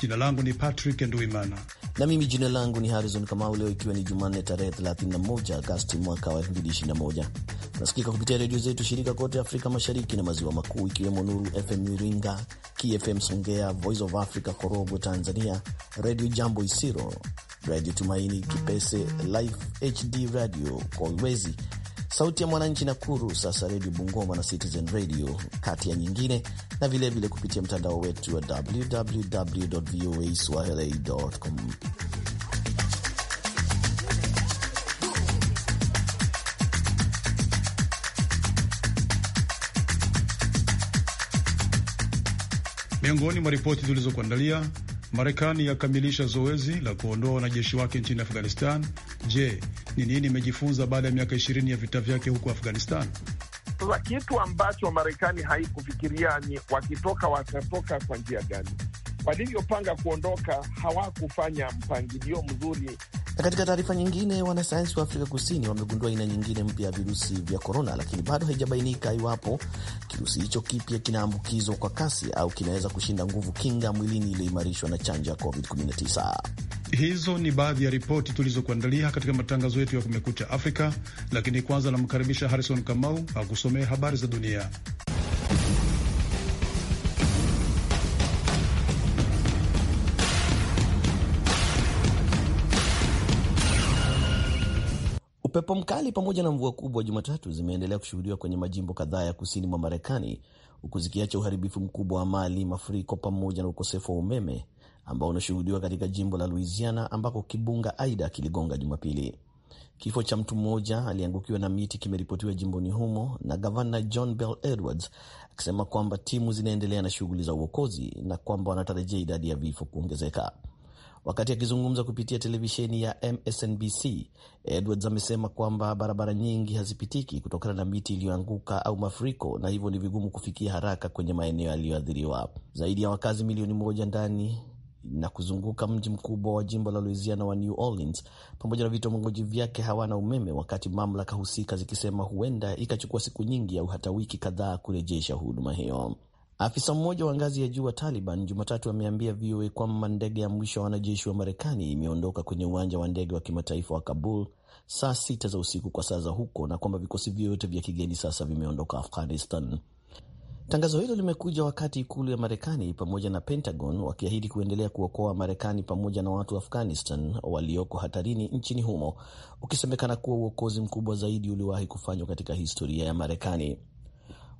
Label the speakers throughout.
Speaker 1: Jina langu ni Patrick Nduimana na mimi jina langu ni Harrison
Speaker 2: Kamau. Leo ikiwa ni Jumanne tarehe 31 Agosti mwaka wa 2021, nasikika kupitia redio zetu shirika kote Afrika Mashariki na Maziwa Makuu, ikiwemo Nuru FM Iringa, KFM Songea, Voice of Africa Korogwe Tanzania, Redio Jambo Isiro, Redio Tumaini Kipese, Life HD Radio Kolwezi Sauti ya Mwananchi Nakuru, sasa Redio Bungoma na Citizen Radio kati ya nyingine, na vilevile vile kupitia mtandao wetu wa www voa swahili.com.
Speaker 1: Miongoni mwa ripoti zilizokuandalia, Marekani yakamilisha zoezi la kuondoa wanajeshi wake nchini Afghanistan Je, ni nini imejifunza baada ya miaka ishirini ya vita vyake huko Afghanistan?
Speaker 3: Sasa kitu ambacho Marekani haikufikiria ni wakitoka watatoka kwa njia gani. Walivyopanga kuondoka hawakufanya mpangilio mzuri.
Speaker 2: Na katika taarifa nyingine, wanasayansi wa Afrika Kusini wamegundua aina nyingine mpya ya virusi vya korona, lakini bado haijabainika iwapo kirusi hicho kipya kinaambukizwa kwa kasi au kinaweza kushinda nguvu kinga mwilini iliyoimarishwa na chanjo ya COVID-19.
Speaker 1: Hizo ni baadhi ya ripoti tulizokuandalia katika matangazo yetu ya Kumekucha Afrika, lakini kwanza namkaribisha Harrison Kamau akusomee habari za dunia.
Speaker 2: Upepo mkali pamoja na mvua kubwa Jumatatu zimeendelea kushuhudiwa kwenye majimbo kadhaa ya kusini mwa Marekani, huku zikiacha uharibifu mkubwa wa mali, mafuriko pamoja na ukosefu wa umeme ambao unashuhudiwa katika jimbo la Louisiana ambako kibunga Aida kiligonga Jumapili. Kifo cha mtu mmoja aliangukiwa na miti kimeripotiwa jimboni humo, na gavana John Bell Edwards akisema kwamba timu zinaendelea na shughuli za uokozi na kwamba wanatarajia idadi ya vifo kuongezeka. Wakati akizungumza kupitia televisheni ya MSNBC, Edwards amesema kwamba barabara nyingi hazipitiki kutokana na miti iliyoanguka au mafuriko, na hivyo ni vigumu kufikia haraka kwenye maeneo yaliyoathiriwa. Zaidi ya wakazi milioni moja ndani na kuzunguka mji mkubwa wa jimbo la Louisiana wa New Orleans, pamoja na vitongoji vyake hawana umeme, wakati mamlaka husika zikisema huenda ikachukua siku nyingi au hata wiki kadhaa kurejesha huduma hiyo. Afisa mmoja wa ngazi ya juu wa Taliban Jumatatu ameambia VOA kwamba ndege ya mwisho wa wanajeshi wa Marekani imeondoka kwenye uwanja wa ndege wa kimataifa wa Kabul saa sita za usiku kwa saa za huko, na kwamba vikosi vyote vya kigeni sasa vimeondoka Afghanistan. Tangazo hilo limekuja wakati ikulu ya Marekani pamoja na Pentagon wakiahidi kuendelea kuokoa marekani pamoja na watu wa Afghanistan walioko hatarini nchini humo, ukisemekana kuwa uokozi mkubwa zaidi uliowahi kufanywa katika historia ya Marekani.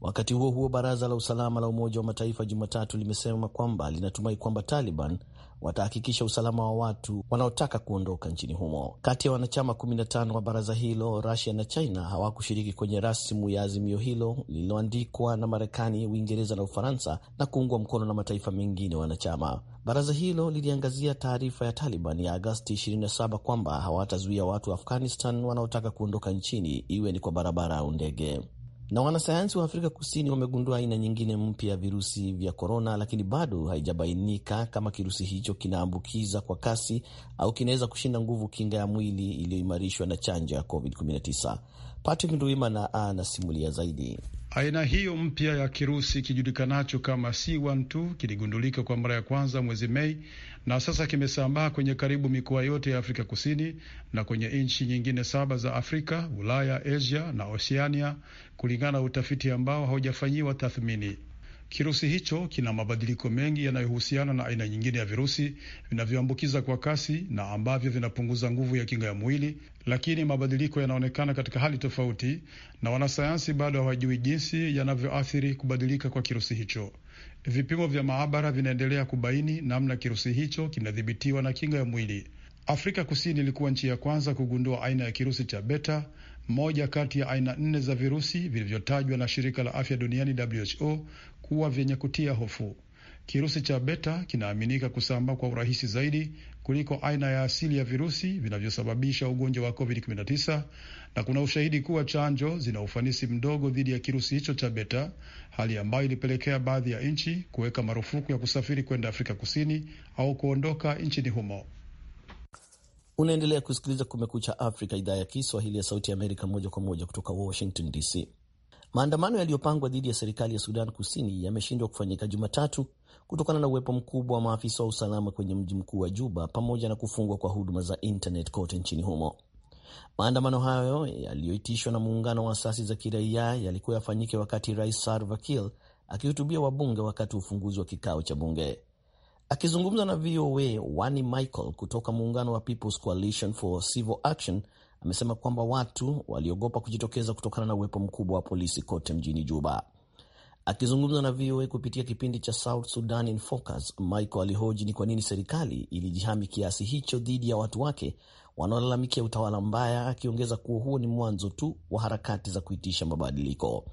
Speaker 2: Wakati huo huo, baraza la usalama la Umoja wa Mataifa Jumatatu limesema kwamba linatumai kwamba Taliban watahakikisha usalama wa watu wanaotaka kuondoka nchini humo. Kati ya wanachama 15 wa baraza hilo, Rusia na China hawakushiriki kwenye rasimu ya azimio hilo lililoandikwa na Marekani, Uingereza na Ufaransa na kuungwa mkono na mataifa mengine wanachama. Baraza hilo liliangazia taarifa ya Taliban ya Agasti 27 kwamba hawatazuia watu wa Afghanistan wanaotaka kuondoka nchini, iwe ni kwa barabara au ndege. Na wanasayansi wa Afrika Kusini wamegundua aina nyingine mpya ya virusi vya korona, lakini bado haijabainika kama kirusi hicho kinaambukiza kwa kasi au kinaweza kushinda nguvu kinga ya mwili iliyoimarishwa na chanjo ya COVID-19. Patrick Nduimana anasimulia zaidi.
Speaker 1: Aina hiyo mpya ya kirusi kijulikanacho kama C12 kiligundulika kwa mara ya kwanza mwezi Mei na sasa kimesambaa kwenye karibu mikoa yote ya Afrika Kusini na kwenye nchi nyingine saba za Afrika, Ulaya, Asia na Oceania, kulingana na utafiti ambao haujafanyiwa tathmini. Kirusi hicho kina mabadiliko mengi yanayohusiana na aina nyingine ya virusi vinavyoambukiza kwa kasi na ambavyo vinapunguza nguvu ya kinga ya mwili, lakini mabadiliko yanaonekana katika hali tofauti, na wanasayansi bado hawajui jinsi yanavyoathiri kubadilika kwa kirusi hicho. Vipimo vya maabara vinaendelea kubaini namna kirusi hicho kinadhibitiwa na kinga ya mwili. Afrika Kusini ilikuwa nchi ya kwanza kugundua aina ya kirusi cha beta, moja kati ya aina nne za virusi vilivyotajwa na shirika la afya duniani WHO kuwa vyenye kutia hofu. Kirusi cha beta kinaaminika kusambaa kwa urahisi zaidi kuliko aina ya asili ya virusi vinavyosababisha ugonjwa wa COVID-19 na kuna ushahidi kuwa chanjo zina ufanisi mdogo dhidi ya kirusi hicho cha beta, hali ambayo ilipelekea baadhi ya nchi kuweka marufuku ya kusafiri kwenda Afrika Kusini au kuondoka nchini humo. Unaendelea
Speaker 2: kusikiliza Kumekucha Afrika, idhaa ya Kiswahili ya Sauti ya Amerika, moja kwa moja kutoka Washington DC. Maandamano yaliyopangwa dhidi ya serikali ya Sudan Kusini yameshindwa kufanyika Jumatatu kutokana na uwepo mkubwa wa maafisa wa usalama kwenye mji mkuu wa Juba pamoja na kufungwa kwa huduma za internet kote nchini humo. Maandamano hayo yaliyoitishwa na muungano wa asasi za kiraia yalikuwa yafanyike wakati Rais Salva Kiir akihutubia wabunge wakati wa ufunguzi wa kikao cha bunge. Akizungumza na VOA, Wani Michael kutoka muungano wa People's Coalition for Civil Action amesema kwamba watu waliogopa kujitokeza kutokana na uwepo mkubwa wa polisi kote mjini Juba. Akizungumza na VOA kupitia kipindi cha South Sudan in Focus, Michael alihoji ni kwa nini serikali ilijihami kiasi hicho dhidi ya watu wake wanaolalamikia utawala mbaya, akiongeza kuwa huo ni mwanzo tu wa harakati za kuitisha mabadiliko.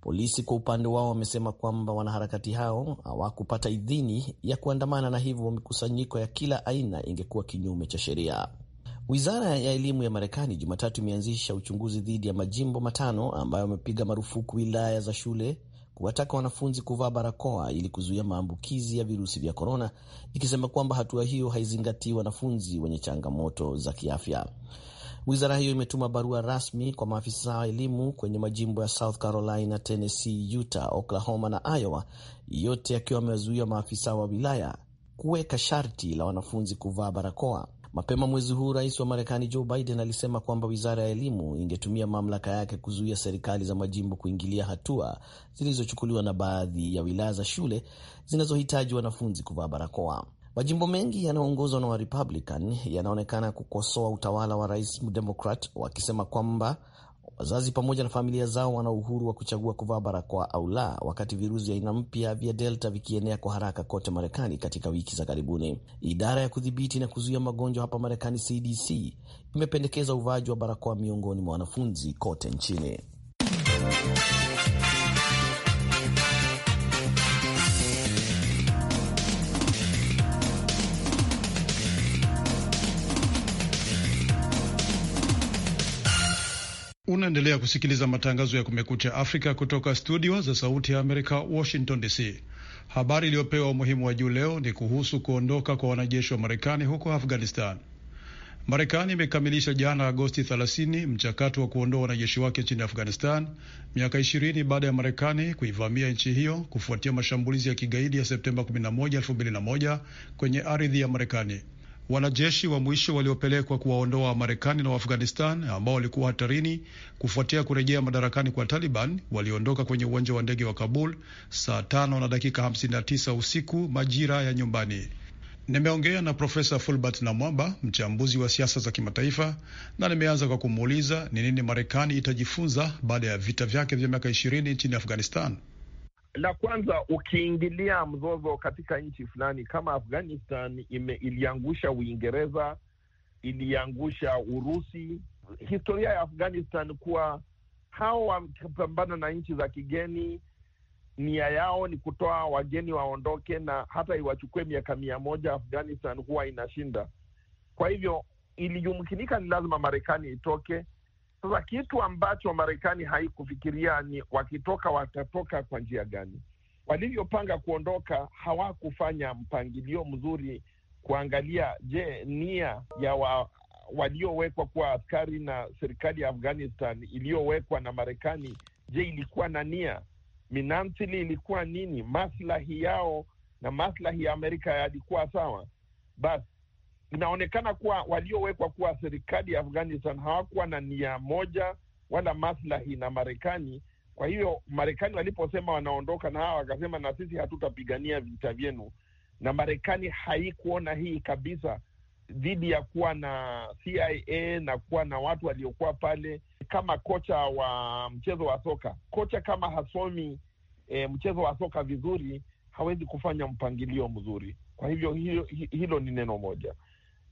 Speaker 2: Polisi kwa upande wao wamesema kwamba wanaharakati hao hawakupata idhini ya kuandamana na hivyo mikusanyiko ya kila aina ingekuwa kinyume cha sheria. Wizara ya elimu ya Marekani Jumatatu imeanzisha uchunguzi dhidi ya majimbo matano ambayo amepiga marufuku wilaya za shule kuwataka wanafunzi kuvaa barakoa ili kuzuia maambukizi ya virusi vya korona, ikisema kwamba hatua hiyo haizingatii wanafunzi wenye changamoto za kiafya. Wizara hiyo imetuma barua rasmi kwa maafisa wa elimu kwenye majimbo ya South Carolina, Tennessee, Utah, Oklahoma na Iowa, yote yakiwa wamewazuia maafisa wa wilaya kuweka sharti la wanafunzi kuvaa barakoa Mapema mwezi huu, rais wa Marekani Joe Biden alisema kwamba wizara ya elimu ingetumia mamlaka yake kuzuia serikali za majimbo kuingilia hatua zilizochukuliwa na baadhi ya wilaya za shule zinazohitaji wanafunzi kuvaa barakoa. Majimbo mengi yanayoongozwa na Warepublican yanaonekana kukosoa utawala wa rais Mdemokrat wakisema kwamba Wazazi pamoja na familia zao wana uhuru wa kuchagua kuvaa barakoa au la, wakati virusi aina mpya vya Delta vikienea kwa haraka kote Marekani katika wiki za karibuni. Idara ya kudhibiti na kuzuia magonjwa hapa Marekani, CDC, imependekeza uvaaji wa barakoa miongoni mwa wanafunzi kote nchini.
Speaker 1: Unaendelea kusikiliza matangazo ya Kumekucha Afrika kutoka studio za Sauti ya Amerika, Washington DC. Habari iliyopewa umuhimu wa juu leo ni kuhusu kuondoka kwa wanajeshi wa Marekani huko Afghanistan. Marekani imekamilisha jana Agosti 30 mchakato wa kuondoa wanajeshi wake nchini Afghanistan, miaka 20 baada ya Marekani kuivamia nchi hiyo kufuatia mashambulizi ya kigaidi ya Septemba 11, 2001 kwenye ardhi ya Marekani. Wanajeshi wa mwisho waliopelekwa kuwaondoa Wamarekani na Waafghanistan ambao walikuwa hatarini kufuatia kurejea madarakani kwa Taliban waliondoka kwenye uwanja wa ndege wa Kabul saa tano na dakika 59 usiku majira ya nyumbani. Nimeongea na Profesa Fulbert Namwamba, mchambuzi wa siasa za kimataifa, na nimeanza kwa kumuuliza ni nini Marekani itajifunza baada ya vita vyake vya miaka ishirini nchini Afghanistan
Speaker 3: la kwanza, ukiingilia mzozo katika nchi fulani kama Afghanistan ime, iliangusha Uingereza, iliangusha Urusi. Historia ya Afghanistan kuwa hao wakipambana na nchi za kigeni nia yao ni kutoa wageni waondoke, na hata iwachukue miaka mia moja Afghanistan huwa inashinda. Kwa hivyo ilijumkinika ni lazima Marekani itoke sasa kitu ambacho Marekani haikufikiria ni wakitoka watatoka kwa njia gani. Walivyopanga kuondoka, hawakufanya mpangilio mzuri kuangalia, je, nia ya wa, waliowekwa kuwa askari na serikali ya Afghanistan iliyowekwa na Marekani, je, ilikuwa na nia minamsili ilikuwa nini? Maslahi yao na maslahi ya Amerika yalikuwa sawa? Basi Inaonekana kuwa waliowekwa kuwa serikali ya Afghanistan hawakuwa na nia moja wala maslahi na Marekani. Kwa hiyo Marekani waliposema wanaondoka, na hawa wakasema na sisi hatutapigania vita vyenu, na Marekani haikuona hii kabisa, dhidi ya kuwa na CIA na kuwa na watu waliokuwa pale. Kama kocha wa mchezo wa soka, kocha kama hasomi e, mchezo wa soka vizuri, hawezi kufanya mpangilio mzuri. Kwa hivyo hilo, hilo ni neno moja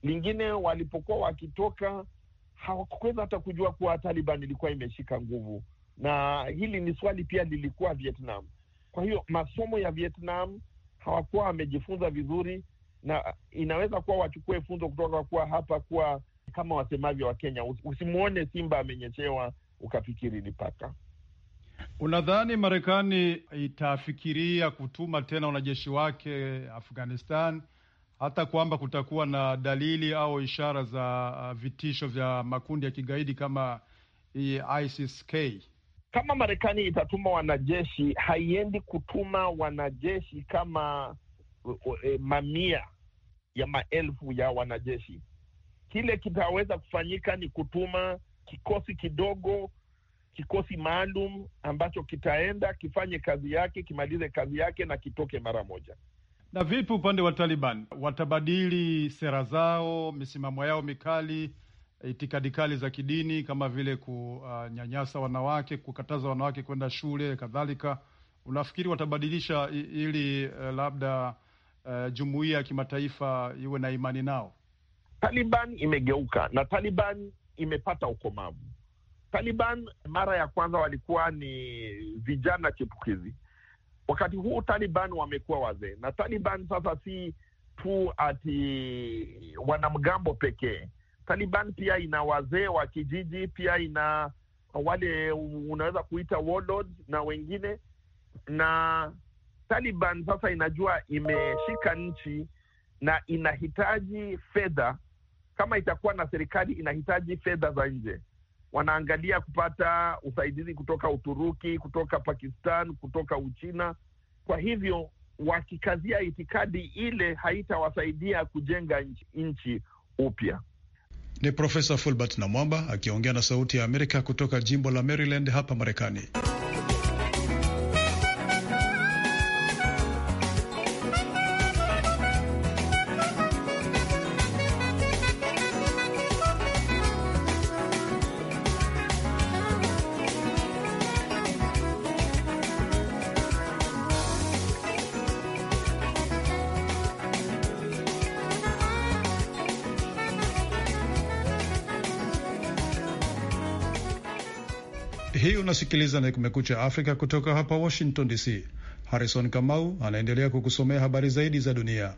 Speaker 3: lingine walipokuwa wakitoka hawakuweza hata kujua kuwa Taliban ilikuwa imeshika nguvu, na hili ni swali pia lilikuwa Vietnam. Kwa hiyo masomo ya Vietnam hawakuwa wamejifunza vizuri, na inaweza kuwa wachukue funzo kutoka kuwa hapa, kuwa kama wasemavyo wa Kenya, usimwone simba amenyeshewa ukafikiri ni paka.
Speaker 1: Unadhani Marekani itafikiria kutuma tena wanajeshi wake Afghanistan hata kwamba kutakuwa na dalili au ishara za uh, vitisho
Speaker 3: vya makundi ya kigaidi kama hii eh, ISIS-K. Kama Marekani itatuma wanajeshi, haiendi kutuma wanajeshi kama uh, uh, eh, mamia ya maelfu ya wanajeshi. Kile kitaweza kufanyika ni kutuma kikosi kidogo, kikosi maalum ambacho kitaenda kifanye kazi yake, kimalize kazi yake na kitoke mara moja. Na vipi
Speaker 1: upande wa Taliban, watabadili sera zao, misimamo yao mikali, itikadi kali za kidini kama vile kunyanyasa wanawake, kukataza wanawake kwenda shule kadhalika? Unafikiri watabadilisha ili eh, labda
Speaker 3: uh, jumuiya ya kimataifa iwe na imani nao? Taliban imegeuka na Taliban imepata ukomavu. Taliban mara ya kwanza walikuwa ni vijana chipukizi Wakati huu Taliban wamekuwa wazee, na Taliban sasa si tu ati wanamgambo pekee. Taliban pia ina wazee wa kijiji, pia ina wale unaweza kuita warlords na wengine. Na Taliban sasa inajua imeshika nchi na inahitaji fedha. Kama itakuwa na serikali, inahitaji fedha za nje wanaangalia kupata usaidizi kutoka Uturuki, kutoka Pakistan, kutoka Uchina. Kwa hivyo wakikazia itikadi ile haitawasaidia kujenga nchi upya.
Speaker 1: Ni Profesa Fulbert Namwamba akiongea na Sauti ya Amerika kutoka jimbo la Maryland hapa Marekani. Hii unasikiliza na Kumekucha Afrika kutoka hapa Washington DC. Harrison Kamau anaendelea kukusomea habari zaidi za dunia.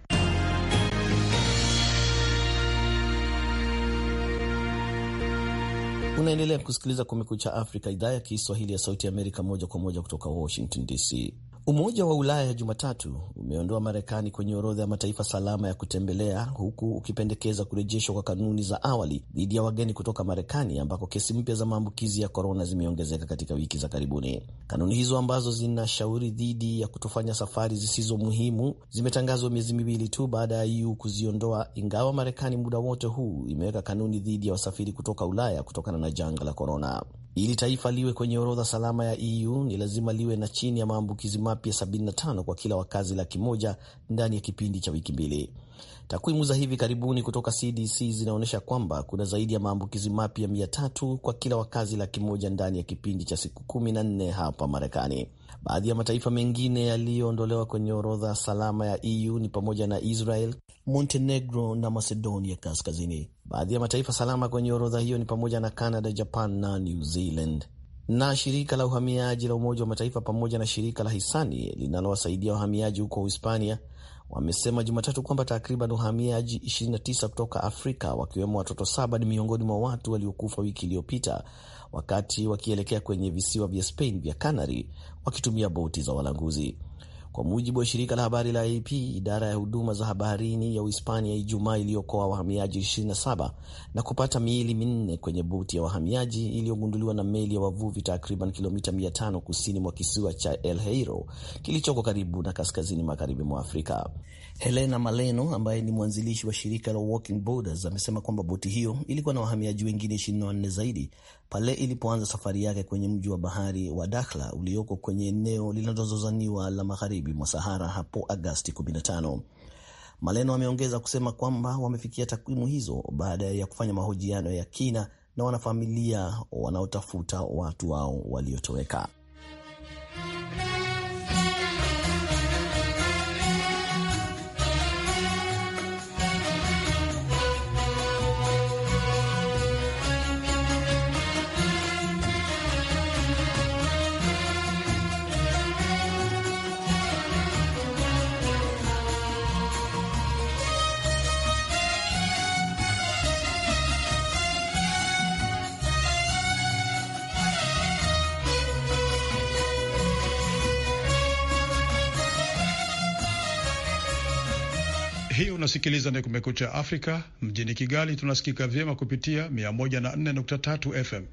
Speaker 2: Unaendelea kusikiliza Kumekucha Afrika, idhaa ya Kiswahili ya Sauti ya Amerika, moja kwa moja kutoka Washington DC. Umoja wa Ulaya Jumatatu umeondoa Marekani kwenye orodha ya mataifa salama ya kutembelea huku ukipendekeza kurejeshwa kwa kanuni za awali dhidi ya wageni kutoka Marekani ambako kesi mpya za maambukizi ya korona zimeongezeka katika wiki za karibuni. Kanuni hizo ambazo zinashauri dhidi ya kutofanya safari zisizo muhimu zimetangazwa miezi miwili tu baada ya EU kuziondoa, ingawa Marekani muda wote huu imeweka kanuni dhidi ya wasafiri kutoka Ulaya kutokana na janga la korona. Ili taifa liwe kwenye orodha salama ya EU ni lazima liwe na chini ya maambukizi mapya 75 kwa kila wakazi laki moja ndani ya kipindi cha wiki mbili. Takwimu za hivi karibuni kutoka CDC zinaonyesha kwamba kuna zaidi ya maambukizi mapya 300 kwa kila wakazi laki moja ndani ya kipindi cha siku 14 hapa Marekani. Baadhi ya mataifa mengine yaliyoondolewa kwenye orodha salama ya EU ni pamoja na Israel, Montenegro na Macedonia Kaskazini. Baadhi ya mataifa salama kwenye orodha hiyo ni pamoja na Canada, Japan na New Zealand na shirika la uhamiaji la Umoja wa Mataifa pamoja na shirika la hisani linalowasaidia wahamiaji huko Uhispania wamesema Jumatatu kwamba takriban wahamiaji 29 kutoka Afrika wakiwemo watoto saba ni miongoni mwa watu waliokufa wiki iliyopita wakati wakielekea kwenye visiwa vya Spain vya Canary wakitumia boti za walanguzi kwa mujibu wa shirika la habari la AP. Idara ya huduma za habarini ya Uhispania Ijumaa iliyokoa wahamiaji 27 na kupata miili minne kwenye boti ya wahamiaji iliyogunduliwa na meli ya wavuvi takriban kilomita 500 kusini mwa kisiwa cha El heiro kilichoko karibu na kaskazini magharibi mwa Afrika. Helena Maleno ambaye ni mwanzilishi wa shirika la Walking Borders amesema kwamba boti hiyo ilikuwa na wahamiaji wengine 24 zaidi pale ilipoanza safari yake kwenye mji wa bahari wa Dakhla ulioko kwenye eneo linalozozaniwa la magharibi mwa Sahara hapo Agasti 15. Maleno ameongeza kusema kwamba wamefikia takwimu hizo baada ya kufanya mahojiano ya kina na wanafamilia wanaotafuta watu wao waliotoweka.
Speaker 1: hii unasikiliza ni Kumekucha Afrika. Mjini Kigali tunasikika vyema kupitia 104.3 FM.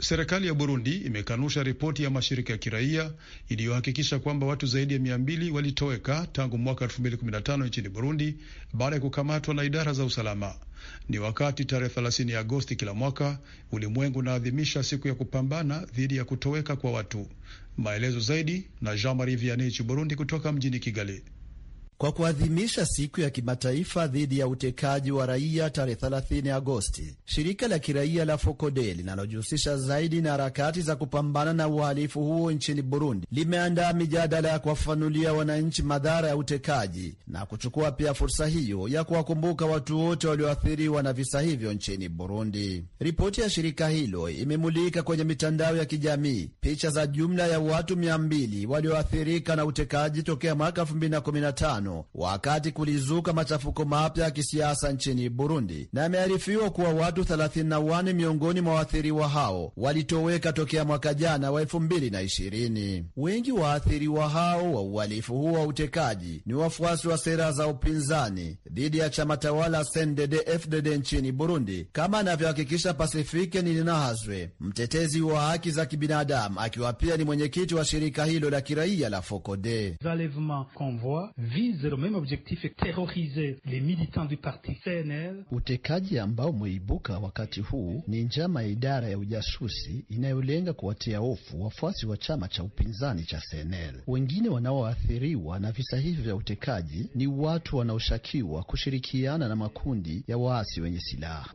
Speaker 1: Serikali ya Burundi imekanusha ripoti ya mashirika ya kiraia iliyohakikisha kwamba watu zaidi ya 200 walitoweka tangu mwaka 2015 nchini Burundi baada ya kukamatwa na idara za usalama. Ni wakati tarehe 30 Agosti kila mwaka ulimwengu unaadhimisha siku ya kupambana dhidi ya kutoweka kwa watu. Maelezo zaidi na Jean Marie Vianney Burundi kutoka mjini Kigali
Speaker 4: kwa kuadhimisha siku ya kimataifa dhidi ya utekaji wa raia tarehe 30 Agosti, shirika la kiraia la Fokode linalojihusisha zaidi na harakati za kupambana na uhalifu huo nchini Burundi limeandaa mijadala ya kuwafanulia wananchi madhara ya utekaji na kuchukua pia fursa hiyo ya kuwakumbuka watu wote walioathiriwa na visa hivyo nchini Burundi. Ripoti ya shirika hilo imemulika kwenye mitandao ya kijamii picha za jumla ya watu 200 walioathirika na utekaji tokea mwaka 2015 tano wakati kulizuka machafuko mapya ya kisiasa nchini Burundi, na imearifiwa kuwa watu 31 miongoni mwa waathiriwa hao walitoweka tokea mwaka jana wa 2020. Wengi waathiriwa hao wa uhalifu huo wa utekaji ni wafuasi wa sera za upinzani dhidi ya chama tawala CNDD FDD nchini Burundi, kama anavyohakikisha Pasifike Nininahazwe, mtetezi wa haki za kibinadamu, akiwa pia ni mwenyekiti wa shirika hilo la kiraia la Fokode vise le même objectif, terroriser les militants du parti CNL. Utekaji ambao umeibuka wakati huu ni njama ya idara ya ujasusi inayolenga kuwatia hofu wafuasi wa chama cha upinzani cha CNL. Wengine wanaoathiriwa na visa hivi vya utekaji ni watu wanaoshakiwa kushirikiana na makundi ya waasi wenye silaha.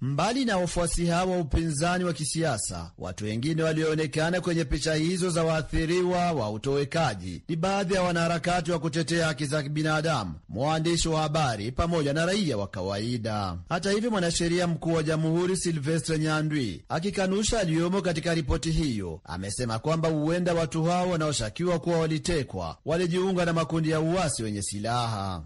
Speaker 4: Mbali na wafuasi hawa upinzani wa kisiasa, watu wengine walioonekana kwenye picha hizo za waathiriwa wa utowekaji ni baadhi ya wanaharakati wa kutetea haki za binadamu, mwandishi wa habari pamoja na raia wa kawaida. Hata hivyo, mwanasheria mkuu wa jamhuri Silvestre Nyandwi akikanusha aliyomo katika ripoti hiyo, amesema kwamba huenda watu hao wanaoshukiwa kuwa walitekwa walijiunga na makundi ya uasi wenye silaha.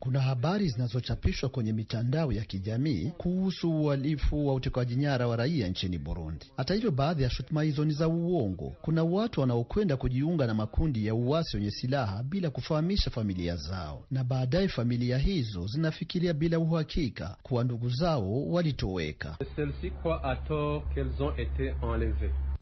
Speaker 4: Kuna habari zinazochapishwa kwenye mitandao ya kijamii kuhusu uhalifu wa utekaji nyara wa raia nchini Burundi. Hata hivyo, baadhi ya shutuma hizo ni za uongo. Kuna watu wanaokwenda kujiunga na makundi ya uasi wenye silaha bila kufahamisha familia zao, na baadaye familia hizo zinafikiria bila uhakika kuwa ndugu zao walitoweka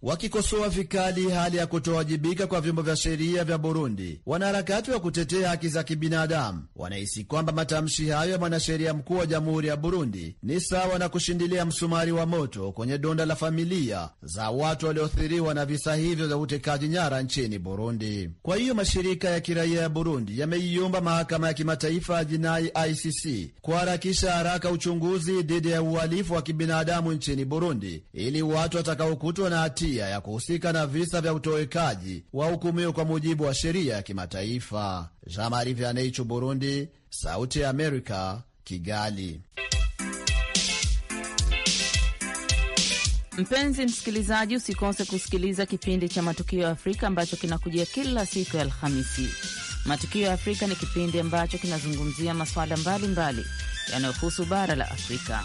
Speaker 4: wakikosoa vikali hali ya kutowajibika kwa vyombo vya sheria vya Burundi. Wanaharakati wa kutetea haki za kibinadamu wanahisi kwamba matamshi hayo ya mwanasheria mkuu wa jamhuri ya Burundi ni sawa na kushindilia msumari wa moto kwenye donda la familia za watu walioathiriwa na visa hivyo vya utekaji nyara nchini Burundi. Kwa hiyo mashirika ya kiraia ya Burundi yameiomba mahakama ya kimataifa ya jinai ICC kuharakisha haraka uchunguzi dhidi ya uhalifu wa kibinadamu nchini Burundi ili watu watakaokutwa na hati hatia ya kuhusika na visa vya utowekaji wahukumiwe kwa mujibu wa sheria ya kimataifa. Jean-Marie Vianney, Burundi, Sauti ya Amerika, Kigali. Mpenzi msikilizaji, usikose kusikiliza kipindi
Speaker 5: cha Matukio ya Afrika ambacho kinakujia kila siku ya Alhamisi. Matukio ya Afrika ni kipindi ambacho kinazungumzia masuala mbalimbali yanayohusu bara la Afrika.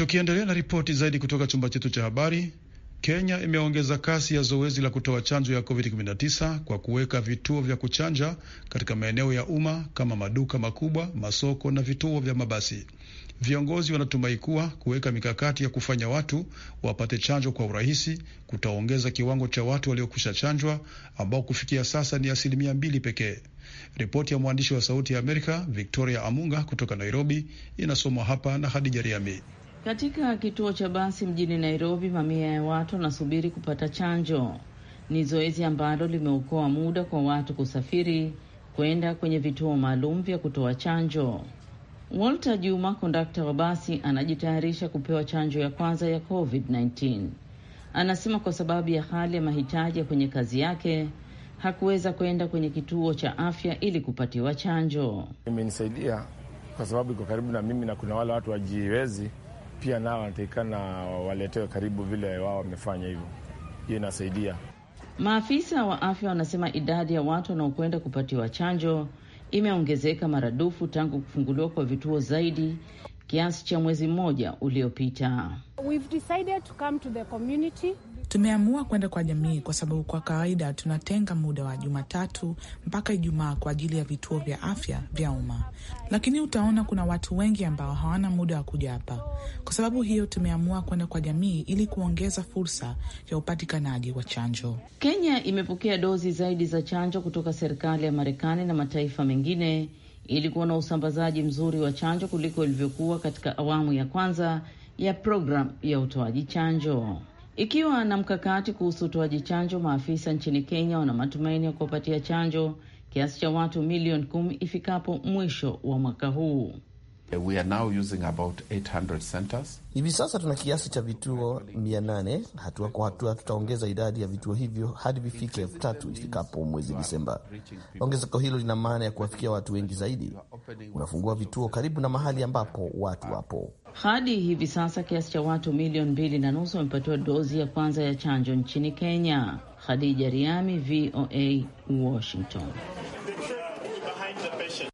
Speaker 1: Tukiendelea na ripoti zaidi kutoka chumba chetu cha habari, Kenya imeongeza kasi ya zoezi la kutoa chanjo ya COVID-19 kwa kuweka vituo vya kuchanja katika maeneo ya umma kama maduka makubwa, masoko na vituo vya mabasi. Viongozi wanatumai kuwa kuweka mikakati ya kufanya watu wapate chanjo kwa urahisi kutaongeza kiwango cha watu waliokwisha chanjwa ambao kufikia sasa ni asilimia mbili pekee. Ripoti ya mwandishi wa Sauti ya Amerika Victoria Amunga kutoka Nairobi inasomwa hapa na Hadija Riami.
Speaker 5: Katika kituo cha basi mjini Nairobi, mamia ya watu wanasubiri kupata chanjo. Ni zoezi ambalo limeokoa muda kwa watu kusafiri kwenda kwenye vituo maalum vya kutoa chanjo. Walter Juma, kondakta wa basi, anajitayarisha kupewa chanjo ya kwanza ya COVID-19. Anasema kwa sababu ya hali ya mahitaji ya kwenye kazi yake hakuweza kwenda kwenye kituo cha afya ili kupatiwa chanjo.
Speaker 3: Imenisaidia kwa sababu iko karibu na mimi na kuna wale watu wajiwezi pia nao wanatakikana waletewe karibu vile wao wamefanya hivyo. Hiyo inasaidia.
Speaker 5: Maafisa wa afya wanasema idadi ya watu wanaokwenda kupatiwa chanjo imeongezeka maradufu tangu kufunguliwa kwa vituo zaidi kiasi cha mwezi mmoja uliopita.
Speaker 6: Tumeamua kwenda kwa jamii kwa sababu kwa kawaida tunatenga muda wa Jumatatu mpaka Ijumaa kwa ajili ya vituo vya afya vya umma, lakini utaona kuna watu wengi ambao hawana muda wa kuja hapa. Kwa sababu hiyo, tumeamua kwenda kwa jamii ili kuongeza fursa ya upatikanaji wa chanjo. Kenya
Speaker 5: imepokea dozi zaidi za chanjo kutoka serikali ya Marekani na mataifa mengine ili kuona usambazaji mzuri wa chanjo kuliko ilivyokuwa katika awamu ya kwanza ya programu ya utoaji chanjo. Ikiwa na mkakati kuhusu utoaji chanjo, maafisa nchini Kenya wana matumaini ya kuwapatia chanjo kiasi cha watu milioni kumi ifikapo mwisho wa
Speaker 3: mwaka huu. Uh, we are now using about 800 centers. Hivi sasa
Speaker 5: tuna
Speaker 2: kiasi cha vituo 800. Hatua kwa hatua tutaongeza idadi ya vituo hivyo hadi vifike elfu tatu ifikapo mwezi Disemba. Ongezeko hilo lina maana ya kuwafikia watu wengi zaidi. Unafungua vituo karibu na mahali ambapo watu wapo.
Speaker 5: Hadi hivi sasa kiasi cha watu milioni mbili na nusu wamepatiwa dozi ya kwanza ya chanjo nchini Kenya. Khadija Riami, VOA, Washington.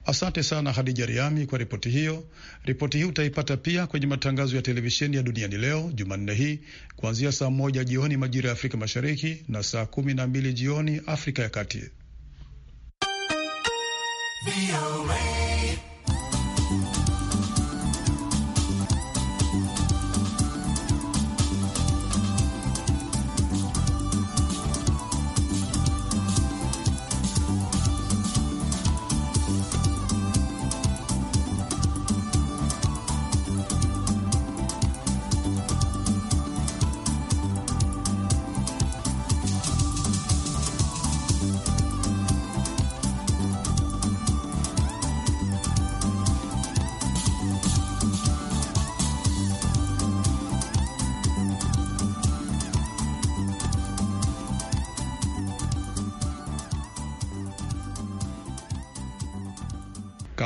Speaker 1: Asante sana Hadija Riami kwa ripoti hiyo. Ripoti hii utaipata pia kwenye matangazo ya televisheni ya duniani leo Jumanne hii kuanzia saa moja jioni majira ya Afrika Mashariki na saa kumi na mbili jioni Afrika ya Kati.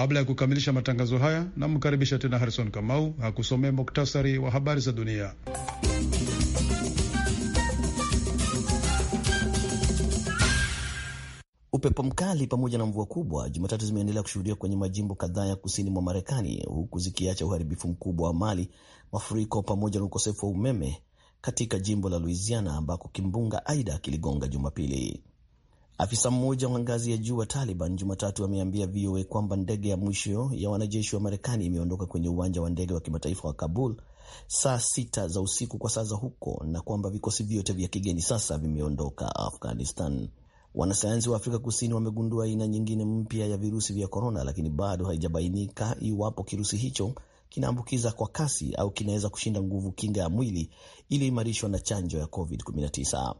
Speaker 1: Kabla ya kukamilisha matangazo haya, namkaribisha tena Harrison Kamau akusomea muktasari wa habari za dunia.
Speaker 2: Upepo mkali pamoja na mvua kubwa Jumatatu zimeendelea kushuhudiwa kwenye majimbo kadhaa ya kusini mwa Marekani, huku zikiacha uharibifu mkubwa wa mali, mafuriko pamoja na ukosefu wa umeme katika jimbo la Louisiana ambako kimbunga Aida kiligonga Jumapili. Afisa mmoja wa ngazi ya juu wa Taliban Jumatatu ameambia VOA kwamba ndege ya mwisho ya wanajeshi wa Marekani imeondoka kwenye uwanja wa ndege wa kimataifa wa Kabul saa sita za usiku kwa saa za huko na kwamba vikosi vyote vya kigeni sasa vimeondoka Afghanistan. Wanasayansi wa Afrika Kusini wamegundua aina nyingine mpya ya virusi vya korona, lakini bado haijabainika iwapo kirusi hicho kinaambukiza kwa kasi au kinaweza kushinda nguvu kinga ya mwili iliyoimarishwa na chanjo ya COVID-19.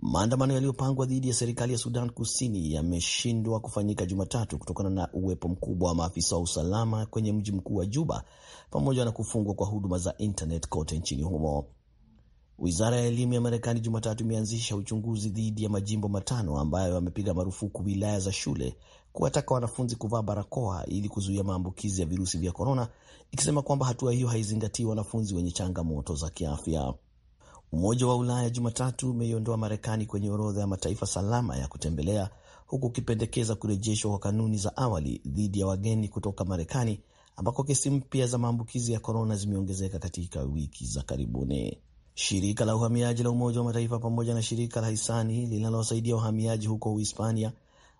Speaker 2: Maandamano yaliyopangwa dhidi ya serikali ya Sudan Kusini yameshindwa kufanyika Jumatatu kutokana na uwepo mkubwa wa maafisa wa usalama kwenye mji mkuu wa Juba pamoja na kufungwa kwa huduma za internet kote nchini humo. Wizara ya elimu ya Marekani Jumatatu imeanzisha uchunguzi dhidi ya majimbo matano ambayo yamepiga marufuku wilaya za shule kuwataka wanafunzi kuvaa barakoa ili kuzuia maambukizi ya virusi vya korona, ikisema kwamba hatua hiyo haizingatii wanafunzi wenye changamoto za kiafya. Umoja wa Ulaya Jumatatu umeiondoa Marekani kwenye orodha ya mataifa salama ya kutembelea huku ukipendekeza kurejeshwa kwa kanuni za awali dhidi ya wageni kutoka Marekani ambako kesi mpya za maambukizi ya korona zimeongezeka katika wiki za karibuni. Shirika la uhamiaji la Umoja wa Mataifa pamoja na shirika la hisani linalowasaidia wahamiaji huko Uhispania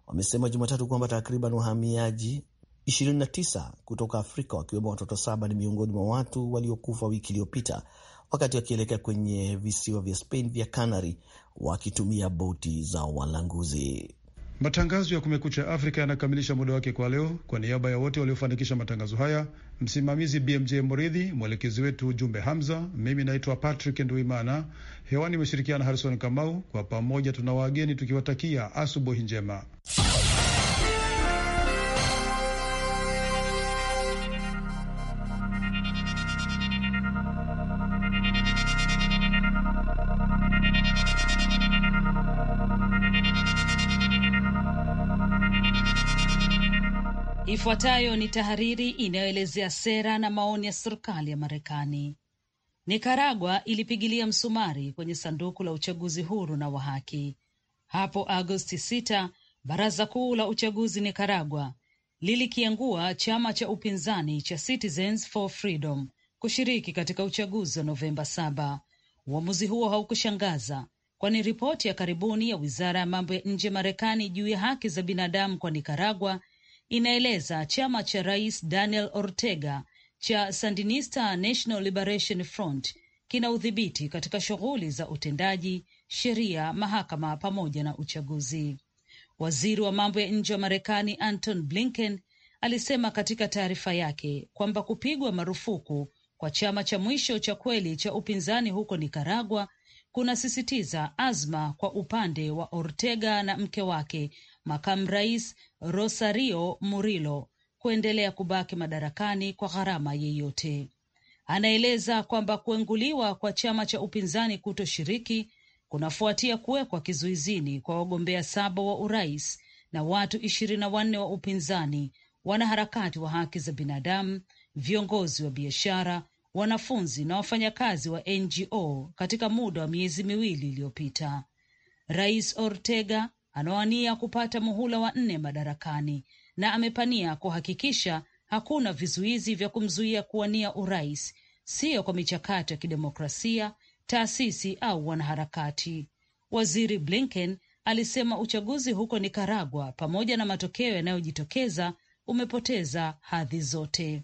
Speaker 2: wamesema Jumatatu kwamba takriban wahamiaji 29 kutoka Afrika wakiwemo watoto saba ni miongoni mwa watu waliokufa wiki iliyopita wakati wakielekea kwenye visiwa vya Spain vya Canary wakitumia boti za walanguzi.
Speaker 1: Matangazo ya Kumekucha Afrika yanakamilisha muda wake kwa leo. Kwa niaba ya wote waliofanikisha matangazo haya, msimamizi BMJ mridhi mwelekezi wetu Jumbe Hamza, mimi naitwa Patrick Nduimana, hewani imeshirikiana Harison Kamau. Kwa pamoja tuna wageni tukiwatakia asubuhi njema.
Speaker 6: Ifuatayo ni tahariri inayoelezea sera na maoni ya serikali ya Marekani. Nikaragua ilipigilia msumari kwenye sanduku la uchaguzi huru na wa haki. Hapo Agosti 6 baraza kuu la uchaguzi Nikaragua lilikiangua chama cha upinzani cha Citizens for Freedom kushiriki katika uchaguzi wa Novemba 7. Uamuzi huo haukushangaza kwani ripoti ya karibuni ya wizara ya mambo ya nje Marekani juu ya haki za binadamu kwa Nikaragua inaeleza chama cha rais Daniel Ortega cha Sandinista National Liberation Front kina udhibiti katika shughuli za utendaji, sheria, mahakama pamoja na uchaguzi. Waziri wa mambo ya nje wa Marekani Anton Blinken alisema katika taarifa yake kwamba kupigwa marufuku kwa chama cha mwisho cha kweli cha upinzani huko Nikaragua kunasisitiza azma kwa upande wa Ortega na mke wake makamu rais Rosario Murillo kuendelea kubaki madarakani kwa gharama yeyote. Anaeleza kwamba kuenguliwa kwa chama cha upinzani kutoshiriki kunafuatia kuwekwa kizuizini kwa wagombea saba wa urais na watu ishirini na wanne wa upinzani, wanaharakati wa haki za binadamu, viongozi wa biashara, wanafunzi na wafanyakazi wa NGO katika muda wa miezi miwili iliyopita. Rais Ortega anawania kupata muhula wa nne madarakani na amepania kuhakikisha hakuna vizuizi vya kumzuia kuwania urais, siyo kwa michakato ya kidemokrasia, taasisi au wanaharakati. Waziri Blinken alisema uchaguzi huko Nikaragua, pamoja na matokeo yanayojitokeza, umepoteza hadhi zote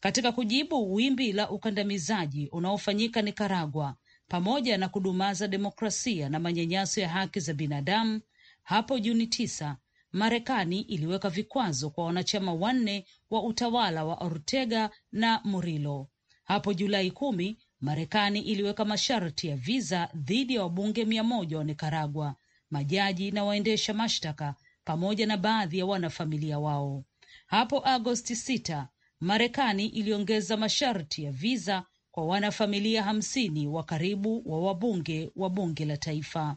Speaker 6: katika kujibu wimbi la ukandamizaji unaofanyika Nikaragua pamoja na kudumaza demokrasia na manyanyaso ya haki za binadamu. Hapo Juni tisa, Marekani iliweka vikwazo kwa wanachama wanne wa utawala wa Ortega na Murillo. Hapo Julai kumi, Marekani iliweka masharti ya viza dhidi ya wabunge mia moja wa Nikaragua, majaji na waendesha mashtaka pamoja na baadhi ya wanafamilia wao. Hapo Agosti sita, Marekani iliongeza masharti ya viza kwa wanafamilia hamsini wa karibu wa wabunge wa bunge la taifa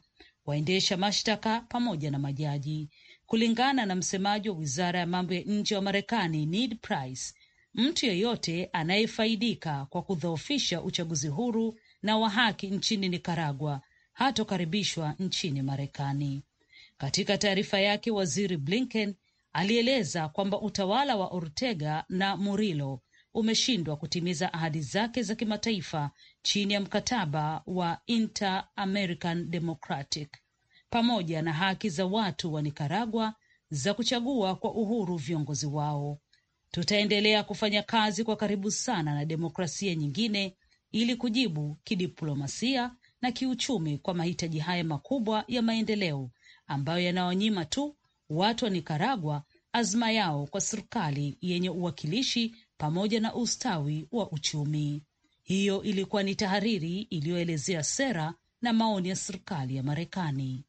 Speaker 6: waendesha mashtaka pamoja na majaji. Kulingana na msemaji wa wizara ya mambo ya nje wa Marekani Ned Price, mtu yeyote anayefaidika kwa kudhoofisha uchaguzi huru na wa haki nchini Nikaragua hatokaribishwa nchini Marekani. Katika taarifa yake, waziri Blinken alieleza kwamba utawala wa Ortega na Murilo umeshindwa kutimiza ahadi zake za kimataifa chini ya mkataba wa Inter-American Democratic pamoja na haki za watu wa Nikaragua za kuchagua kwa uhuru viongozi wao. Tutaendelea kufanya kazi kwa karibu sana na demokrasia nyingine ili kujibu kidiplomasia na kiuchumi kwa mahitaji haya makubwa ya maendeleo ambayo yanawanyima tu watu wa Nikaragua azma yao kwa serikali yenye uwakilishi pamoja na ustawi wa uchumi. Hiyo ilikuwa ni tahariri iliyoelezea sera na maoni ya serikali ya Marekani.